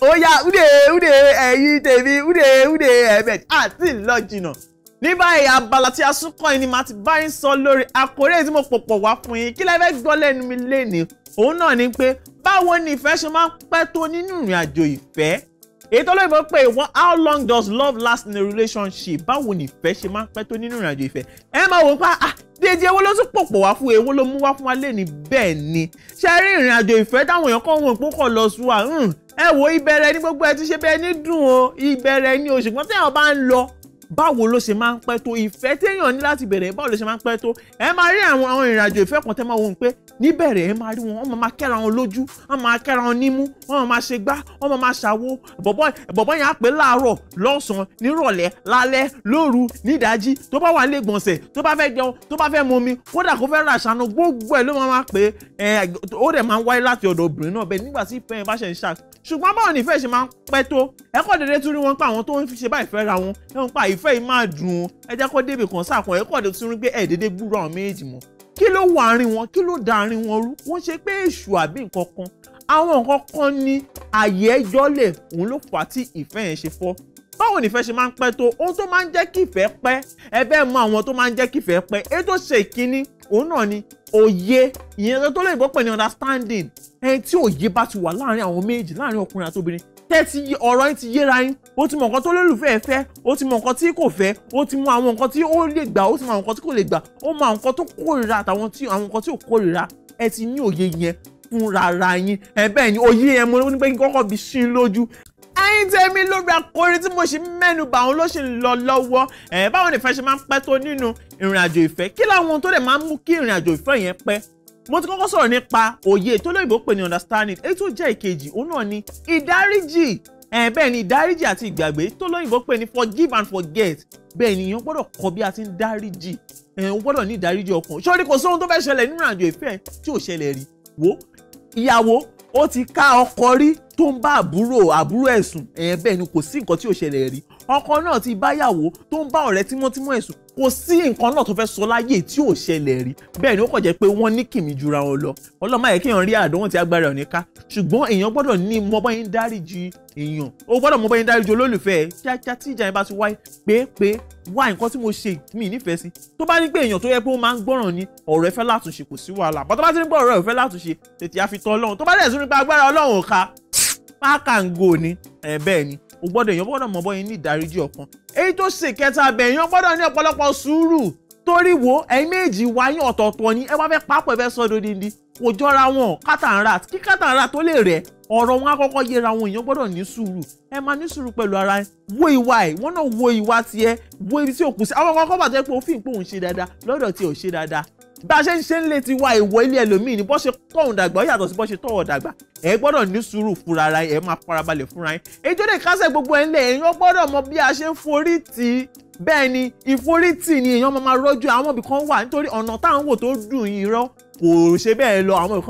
ó yá ude ude ẹ̀yin tèmi ude ude ẹ̀mẹ́t àti ìlọ́jìnà ní báyìí abala tí a sún kàn yín ni màá ti bá yín sọ lórí àkórè tí mo pọ̀pọ̀ wá fún yín kí lẹ fẹ́ gbọ́ lẹ́nu mi lénìí òun náà ni pé báwo ni ìfẹ́ ṣe máa ń pẹ́ tó nínú ìrìn àjò ìfẹ́ èyí tó lóyìnbó pé how long does love last in a relationship báwo ni ìfẹ́ ṣe máa ń pẹ́ tó nínú ìrìnàjò ìfẹ́ ẹ máa wò pa ah déédéé èwo ló tún pòpọ̀ wá fún èwo ló mú wá fún wa lé ní bẹ́ẹ̀ ni ṣe rí ìrìnàjò ìfẹ́ táwọn èèyàn kan wọ̀n púpọ̀ lọ sùn à hmm ẹ wo ìbẹ̀rẹ̀ ní gbogbo ẹ ti ṣe bẹ́ẹ̀ ní dùn o ìbẹ̀rẹ̀ ní o ṣùgbọ́n tí àwọn bá ń lọ báwo ló ṣe máa ń pẹ́ tó ìfẹ́ téèyàn ní láti bẹ̀rẹ̀ báwo ló ṣe máa ń pẹ́ tó ẹ máa rí àwọn àwọn ìrìnàjò ìfẹ́ kan tẹ́ máa wò ó pé níbẹ̀rẹ̀ ẹ máa rí wọn wọ́n máa kẹ́ra wọn lójú wọ́n máa kẹ́ra wọn nímú wọ́n máa ṣe gbá wọ́n máa ṣàwo bọ̀bọ̀ yẹn á pè láàárọ̀ lọ́sàn-án nírọ̀lẹ́ lálẹ́ lóru nídàájí tó bá wà nílé gbọ̀nsẹ̀ tó bá fẹ́ jẹun tó bá fẹ́ mọmi kódà kó fẹ́ ràṣàánú gbogbo ẹ̀ ló máa pè é ó dẹ̀ máa ń wáyé láti ọ̀dọ̀ obìnrin náà bẹ́ẹ̀ nígbà tí ìfẹ́ yẹn bá ṣe ń ṣàk ṣùgbọ́n báwọn nífẹ̀ẹ́ ṣe máa ń pẹ́ tó ẹ̀kọ́ dédé tún rí wọn pé àwọn tó ń ṣe báyìí fẹ́ ra wọn ẹ̀ ń pa ìfẹ́ yìí máa dùn ẹ jẹ́ kó kan sáà kan ẹ̀ kọ́ ọ̀dọ̀ tún rí pé ẹ̀ déédéé gbúrò àwọn méjì mọ́ kí ló wà àárín wọn kí ló da àárín wọn rú wọ́n ṣe pé èṣù àbí nǹkan kan àwọn nǹkan kan ní àyè ẹjọ́lẹ̀ òun ló fà á tí ìfẹ́ yẹn ṣe fọ́ báwo nìfẹ́ ṣe máa ń pẹ́ tó ohun tó máa ń jẹ́ kí ìfẹ́ pẹ́ ẹ bẹ́ẹ̀ mọ àwọn tó máa ń jẹ́ kí ìfẹ́ pẹ́ èyí tó ṣe ìkíní òun náà ni òye ìyẹn tó lè gbọ́ pẹ̀ ní understanding ẹni tí òye bá ti wà láàárín àwọn méjì láàárín ọkùnrin àti obìnrin tẹ́ ti ọ̀rọ̀ yín ti yéra yín ó ti mọ nǹkan tó lólùfẹ́ ẹ fẹ́ ó ti mọ nǹkan tí kò fẹ́ ó ti mọ àwọn nǹkan tí ó lè gbà ó ti mọ àwọn nǹkan tí kò lè gbà ó mọ àwọn nǹkan tó kórìíra àtàwọn tí àwọn nǹkan tí ò kórìíra ẹ ti ní òye yẹn fúnra ara yín ẹ bẹ́ẹ̀ ni òye yẹn mo ní pé kí kọ́kọ́ bí sí lójú ẹ̀yin tèmi lórí akọrin tí mo ṣe mẹ́nubà òun ló ṣe ń lọ lọ́wọ́ ẹ̀ báwo ni ìfẹ́ ṣe máa ń pẹ́ tó nínú ìrìnàjò ìfẹ́ kí láwọn tó dẹ̀ máa ń mú kí ìrìnàjò ìfẹ́ yẹn pẹ́ mo ti kọ́kọ́ sọ̀rọ̀ nípa òye tó lóyìnbó pè ní understanding èyí tó jẹ́ ìkejì òun náà ni ìdáríjì ẹ̀ bẹ́ẹ̀ ni ìdáríjì àti ìgbàgbé tó lóyìnbó pè ní forgive and forget bẹ́ẹ̀ ni èèyàn gbọ́dọ̀ kọ́ bí a ti ń dáríjì ẹ̀ ń gbọ́dọ̀ ní ìdáríjì ọkàn sórí kò sóhun tó fẹ́ ṣẹlẹ̀ nínú àjò ìfẹ́ tí ò ṣẹlẹ̀ rí wo ìyàwó ó ti ká ọkọ rí tó ń bá àbúrò àbúrò ẹ̀sùn ẹ̀ bẹ́ẹ̀ ni kò sí nǹkan tí ò ṣẹlẹ̀ rí ọkọ náà ti báyàwó tó ń bá ọ̀rẹ́ tímọ́tímọ́ ẹ̀ sùn kò sí nǹkan náà tó fẹ́ sọ láyé tí ò ṣẹlẹ̀ rí bẹ́ẹ̀ ni ó kàn jẹ́ pé wọ́n ní kìmí jura wọn lọ ọlọ́mọ yẹ kéèyàn rí àdánwò tí agbára ẹ̀ ní ká ṣùgbọ́n èèyàn gbọ́dọ̀ ní mọ́bọ́ yín dáríjì èèyàn ó gbọ́dọ̀ mọ́bọ́ yín dáríjì olólùfẹ́ ẹ̀ kíákíá tí ìjà yẹn bá ti wáyé pé pé wá nǹkan tí mo ṣe mí nífẹ̀ẹ́ sí tó bá ní pé èèyàn tó yẹ pé ó máa ń gbọ́ràn ni ọ̀rọ̀ ẹ fẹ́ látúnṣe kò sí wàhálà bọ́tọ́ bá ti ní pé ọ̀rọ̀ ẹ fẹ́ látúnṣe tètè ni ẹ̀ bẹ́ẹ̀ o gbọ́dọ̀ èèyàn gbọ́dọ̀ mọ̀ bọ́yìn ní ìdáríjì ọkàn èyí tó ṣe kẹta abẹ́ èèyàn gbọ́dọ̀ ní ọ̀pọ̀lọpọ̀ sùúrù torí wo ẹ̀yin méjì wáyé ọ̀tọ̀ọ̀tọ̀ ni ẹ wá fẹ́ papọ̀ ẹ fẹ́ sọ dodindi kò jọra wọn kátàǹrà kí kátàǹrà tó lè rẹ̀ ọ̀rọ̀ wọn akọ́kọ́ yẹra wọn èèyàn gbọ́dọ̀ ní sùúrù ẹ máa ní sùúrù pẹ̀lú ara ẹ wo ìwà ẹ wọn náà wo ìwà tiẹ̀ wo ibi tí òkú sí àwọn ọkọ̀ bàtẹ́ pé òfin pé ṣe dáadáa lọ́dọ̀ tí ò ṣe dáadáa bá a ṣe ń ṣe ń lé ti wá ìwọ ilé ẹlòmíì ni bó ṣe tọ̀hún dàgbà ó yàtọ̀ sí bó ṣe tọ̀hún dàgbà ẹ gbọ́dọ̀ ní sùúrù fúnra ara ẹ máa farabalẹ̀ fúnra yín èjò lè kásẹ̀ gbogbo ẹ̀ ńlẹ̀ èèyàn gbọ́dọ̀ mọ bí a ṣe ń forí tì í bẹ́ẹ̀ ni ìforítì ni èèyàn máa máa rọ́jú àwọn ibì kan wà nítorí ọ̀nà táwọn wò tó dùn yín rọ́ kò ṣe bẹ́ẹ̀ lọ àwọn ibì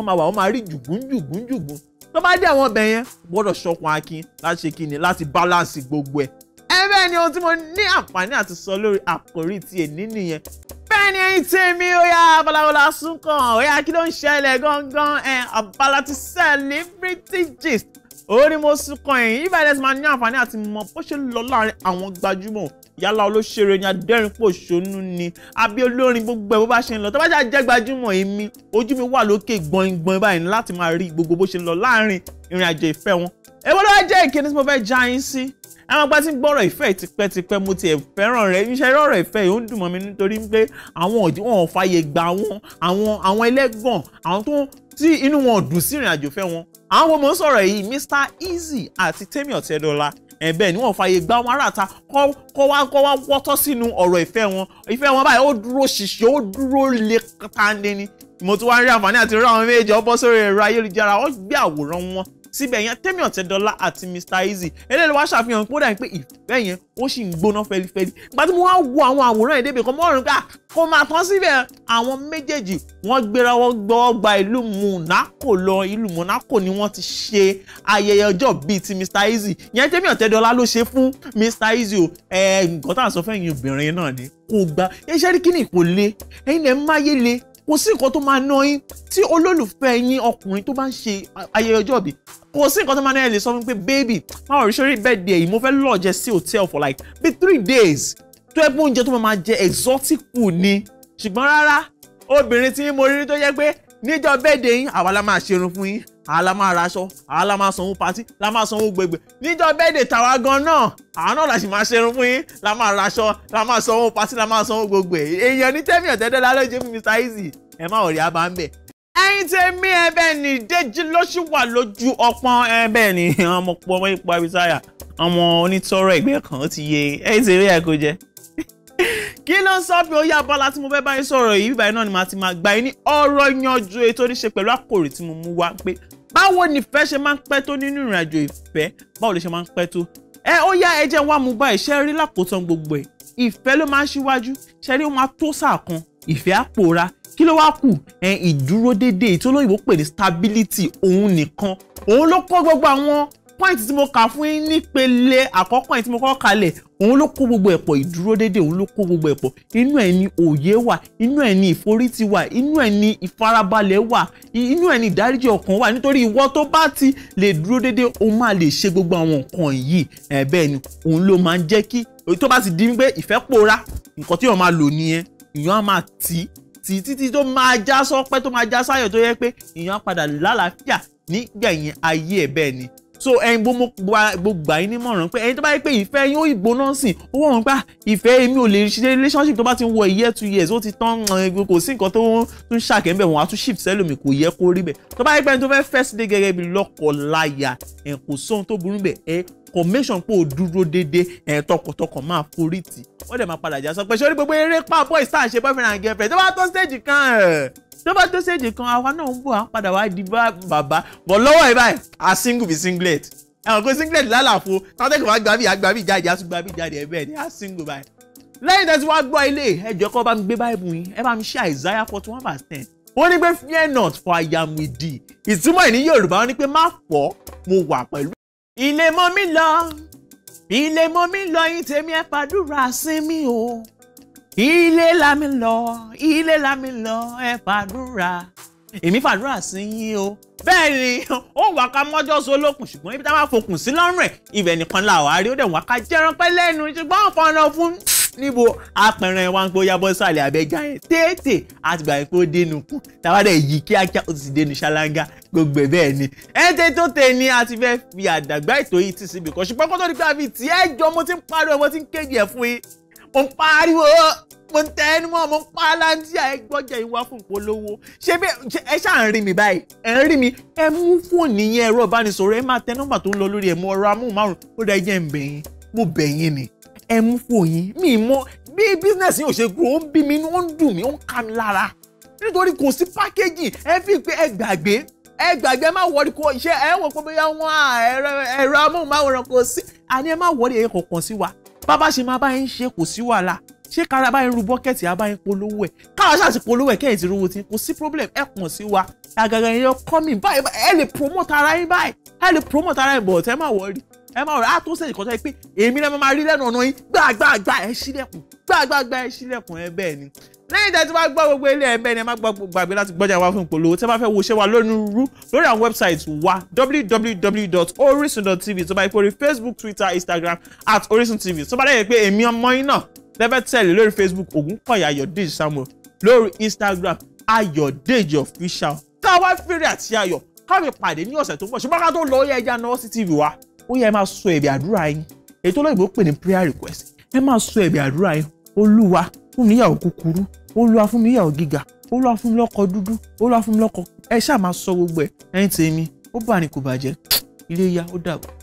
ẹni ẹni tèmi ó yá abalawola sunkan ó yá kí ló ń ṣẹlẹ̀ gangan ẹ̀ abala ti celebrity gist ó ní mo sunkan ẹ̀yìn ibà ẹ̀dẹ́sì máa ní àǹfààní àti mọ bó ṣe lọ láàrin àwọn gbajúmọ̀ yálà olóṣèré ni adẹ́rìnpòṣónú ni àbí olórin gbogbo ẹ̀ bó bá ṣe ń lọ tó bá ṣe àjẹ́ gbajúmọ̀ èmi ojú mi wà lókè gbọ̀ngbọ̀n báyìí láti máa rí gbogbo bó ṣe ń lọ láàrin ìrìn àjò ìfẹ́ wọn. èwo ló wá jẹ́ ìkíni tí mo fẹ́ já yín sí àwọn apá tí ń gbọ́rọ̀ ìfẹ́ tipẹ́tipẹ́ mo tiẹ̀ fẹ́ràn rẹ̀ iṣẹ́ rọ̀rọ̀ ìfẹ́ yìí ó ń dùn mọ́ mi nítorí pé àwọn òdì wọn ò fàyè gba wọn àwọn àwọn ẹlẹ́gàn àwọn tó tí inú wọn ò dùn sí ìrìn àjò fẹ́ wọn àwọn ọmọ sọ̀rọ̀ yìí Mr Easy àti Tẹ́mi Ọ̀tẹ́dọ́lá ẹ̀bẹ̀ ni wọ́n fàyè gba wọn aráàta kọ́ wá kọ́ wá wọ́tọ́ sínú ọ̀rọ̀ ìfẹ́ wọn ìfẹ́ wọn báyìí ó dúró ṣìṣe ó dúró le kàtàndé ni mo tún wá ń rí àǹfààní àti rí àwọn méjèèjì ọ bọ́ sórí ẹ̀rọ ayélujára ọ gbé àwòrán wọn síbẹ̀ yẹn Tẹ́mi Ọ̀tẹ́dọ́lá àti Mr Easy eléyìí wá ṣàfihàn pé ó dà pé ìfẹ́ yẹn ó sì ń gbóná fẹ́lifẹ́li ìgbà tí mo wá wo àwọn àwòrán ìdébè kan mọ́rin pé ah, kò máa tán síbẹ̀ àwọn méjèèjì wọ́n gbéra wọ́n gbọ́gba ìlú Monaco lọ ìlú Monaco ni wọ́n ti ṣe ayẹyẹ ọjọ́ bíi ti Mr Easy yẹn Tẹ́mi Ọ̀tẹ́dọ́lá ló ṣe fún Mr Easy o ẹ̀ nǹkan tá à ń sọ fẹ́yìn obìnrin náà ni kò gba ẹ ṣẹ́rí kíní kò le ẹ̀yin lẹ́ máyé le kò sí nǹkan tó máa ná yín tí olólùfẹ́ yín ọkùnrin tó bá ń ṣe ayẹyẹ ọjọ́ ìbí kò sí nǹkan tó máa ná ẹ lè sọ fún baby máa rí sórí bẹ́ẹ̀dì ẹ̀yìn mo fẹ́ lọ́ọ̀jẹ sí hotel for like be three days tó ẹgbẹ́ oúnjẹ tó máa jẹ exotic food ni ṣùgbọ́n rárá obìnrin tí mo rí tó jẹ́ pé níjọ́ bẹ́ẹ̀dẹ̀ yín àwa la máa ṣerun fún yín àwa la máa raṣọ àwa la máa sanwó patí la máa sanwó gbègbè níjọ́ bẹ́ẹ̀dẹ̀ tàwa gan náà àwa náà la sì máa ṣerun fún yín la máa raṣọ la máa sanwó patí la máa sanwó gbogbo ẹ̀ èèyàn ní tẹ́mi ọ̀tẹ́dẹ́ lálẹ́ jẹ́ fún Mr Easy ẹ̀ má ọ̀rẹ́ àbá ń bẹ̀. ẹyin tẹ mí ẹ bẹ́ẹ̀ ni Déjì ló ṣì wà lójú ọpọ́n ẹ bẹ́ẹ̀ ni ọmọ pọ̀ ọmọ ipò abisaya ọmọ onítọ́rọ̀ ẹ̀gbẹ́ kan ti yé ẹyin tẹ mí ẹ kó jẹ́ kí ló ń sọ pé ó yá bọ́lá tí mo fẹ́ bá yín sọ̀rọ̀ yìí báyìí náà ni màá ti máa gba yín ní ọ̀rọ̀ yanjú ètò oníṣe pẹ̀lú àkòrí tí mo mú wá pé báwo nìfẹ́ ṣe máa ń pẹ́ tó nínú ìrìn àjò ìfẹ́ báwo ló ṣe máa ń pẹ́ tó ẹ ó yá ẹ jẹ́ wá mú bá ìṣe rí lákòótán gbogbo ẹ̀ ìfẹ́ ló máa ń ṣíwájú ṣe rí wọn tó sáà kan ìfẹ́ á pòórá kí ló wá kù ẹ ìdúró déédéé tí olóyìnbó pè ní stability òun nìkan òun ló kọ́ gbogbo àwọn point tí mo kà fún yín nípele àkọ́kọ́ yìí tí mo kọ́ kalẹ̀ òun ló kó gbogbo ẹ̀pọ̀ ìdúró déédéé òun ló kó gbogbo ẹ̀pọ̀ inú ẹ̀ ni òye wà inú ẹ̀ ni ìforítì wà inú ẹ̀ ni ìfarabalẹ̀ wà inú ẹ̀ ni ìdáríjì ọkàn wà nítorí ìwọ tó bá ti lè dúró déédéé o máa lè ṣe gbogbo àwọn nǹkan yìí ẹ̀ bẹ́ẹ̀ ni òun ló máa ń jẹ́ kí tó bá ti di pé ìfẹ́ pòórá nǹkan tí wọ́n máa lò nìyẹn ìyọ́n á máa tì í títí tó máa já sọpẹ́ tó máa já sáyọ̀ tó yẹ pé ìyàn padà lálàáfíà nígbẹ̀yìn ayé ẹ̀ bẹ́ẹ̀ ni so ẹyin bó mo gbà yín nímọ̀ràn pé ẹyin tó bá yẹ pé ìfẹ́ yín ó ìgbóná sìn ó wọ̀n pé ah, ìfẹ́ èmi ò lè ṣe relationship tó bá ti ń wọ year two years ó ti tán kò sí nǹkan tó ń ṣàkẹ́ ń bẹ̀ wọ́n á tún shift sẹ́lòmí kò yẹ kó rí bẹ̀ tó bá yẹ pé ẹni tó fẹ́ first day gẹ́gẹ́ bí lọ́kọ láya ẹ̀ kò sóhun tó burú bẹ̀ ẹ̀ kò mẹ́sàn pé ó dúró déédéé ẹ̀ tọkàntọkàn máa forí tì wọ́n dẹ̀ máa padà já sọ pé ṣé orí gbogbo eré pa boys tá à ń ṣe boyfriend and girlfriend tó bá tó stage kan ẹ̀ tó bá tó ṣèdè kan àwa náà ń bọ̀ à ń padà wá di bàbá bọ̀ lọ́wọ́ ẹ̀ báyìí a single be singlet ẹ̀wọ̀n kò singlet lálàfo tọ́tẹ́kọ̀ wá gbàbí àgbàbí jáde àtúgbàbí jáde ẹ̀ bẹ́ẹ̀ ni a single báyìí lẹ́yìn tẹ́sí wá gbọ́ ilé ẹjọ́ kọ́ bá mi gbé báìbù yín ẹ bá mi ṣe Isaiah forty one verse ten ó ní pé fear not for I am with thee ìtumọ̀ ẹ̀ ní Yorùbá ó ní pé má fọ́ mo wà pẹ̀lú. ilé mọ́ mi lọ ilé mọ́ mi lọ yín tèmi ẹ fàdúrà sí mi o ilé la mi lọ ilé la mi lọ ẹ fàdúrà èmi fàdúrà sí yín o bẹ́ẹ̀ ni ó wà ká mọ́jọ́ so lókun ṣùgbọ́n ibi tá a bá fokùn sí lọ́rùn ẹ̀ ibẹ̀ nìkan la wà á rí ó dẹ̀ wà ká jẹran pẹ́ lẹ́nu ṣùgbọ́n ọ̀fọ̀nà fún níbo apẹ̀rẹ̀ wa ń gbóyá bọ́ sàlẹ̀ abẹ́jà yẹn tètè àtìgbà yẹn kó dénú kù tàbádẹ́ yìí kíákíá ó ti dénú ṣáláńgá gbogbo ẹ̀ bẹ́ẹ̀ ni. ẹ̀ńtẹ́ tó tẹ̀ ni a ti fẹ́ fi àdàgbà ètò yìí tì síbi kan ṣùgbọ́n kó tó di pé a fi tì ẹ́ jọ mo ti ń pariwo mo ti ń kéde ẹ̀ fún yín mo ń pariwo mo ń tẹ ẹnu mọ́ mo ń pa aláǹdíà ẹ ìwà fún ìpolówó ṣé ẹ ṣáà ń rí mi báyìí ẹ ń rí mi ẹ mú fóònù yẹn ẹ̀rọ ìbánisọ̀rọ̀ ẹ máa tẹ nọ́mbà tó ń lọ lórí ẹ̀ mọ́ ọ̀rọ̀ amóhùnmáwòrán ó dá ẹjẹ́ ń bẹ̀ yín mo bẹ̀ yín ni ẹ mú fóònù yín mi mọ bí bísínẹ́sì yóò ṣe grow ó ń bí mi inú ó ń dùn mí ó ń ká mi lára nítorí kò sí pákéjì ẹ fi pé ẹ gbàgbé ẹ gbàgbé má wọrí kó iṣẹ́ ẹ wọ pé bóyá wọn ẹ̀rọ amóhùnmáwòrán kò sí àní ẹ má wọrí ẹ̀yẹ kọ̀ọ̀kan sí wa bàbá ṣe máa bá yín ṣe kò sí wàhálà ṣé kára bá yín ru bọ́kẹ́tì àbá yín polówó ẹ̀ káwa ṣáà ti polówó ẹ̀ kẹ́yìn ti rówó tí kò sí problem ẹ̀ kàn sí wa àgàgà yẹn kọ́mì báyìí ẹ lè promote ara yín báyìí ẹ lè promote ara yín bọ̀ ọ̀tẹ́ má wọrí ẹ má wọrí àtúnṣe ìkọ́tọ́ yìí pé èmi lẹ́ máa rí lẹ́nu ọ̀nà yín gbàgbàgbà ẹ ṣílẹ̀kùn gbàgbàgbà ẹ ṣílẹ̀kùn ẹ bẹ́ẹ̀ ni lẹ́yìn tí a ti wá gbọ́ gbogbo ilé ẹ̀mẹ́ ni ẹ má gbàgbé láti gbọ́jà wa fún ìpolówó tí a bá fẹ́ wo iṣẹ́ wa lónírúurú lórí àwọn website wa www.orisun.tv tó bá yẹ pé orí facebook twitter instagram at orisun tv tó bá lẹ́yìn pé èmi ọmọ yín náà lẹ́fẹ́ tẹ̀lé lórí facebook ògúnkọ̀yà ayọ̀dèjì samuel lórí instagram ayọ̀dèjì official tá a wá fèrè àti ayọ̀ káwé pàdé ní ọ̀sẹ̀ tó ń bọ̀ ṣùgbọ́n ká tó lọ ó yẹ ẹja náà sí tv wa ó yẹ ẹ máa sọ ẹ̀bẹ̀ àdúrà yín èyí tó lóyìnbó pè ní prayer request ẹ máa sọ ẹ̀bẹ̀ àdúrà yín olúwa fún mi ìyàwó kúkúrú olúwa fún mi ìyàwó gíga olúwa fún mi lọ́kọ dúdú olúwa fún mi lọ́kọ ẹ ṣáà máa sọ gbogbo ẹ ẹ̀yin tèmi ó bá ní kò bàjẹ́ ilé ó dàbọ̀.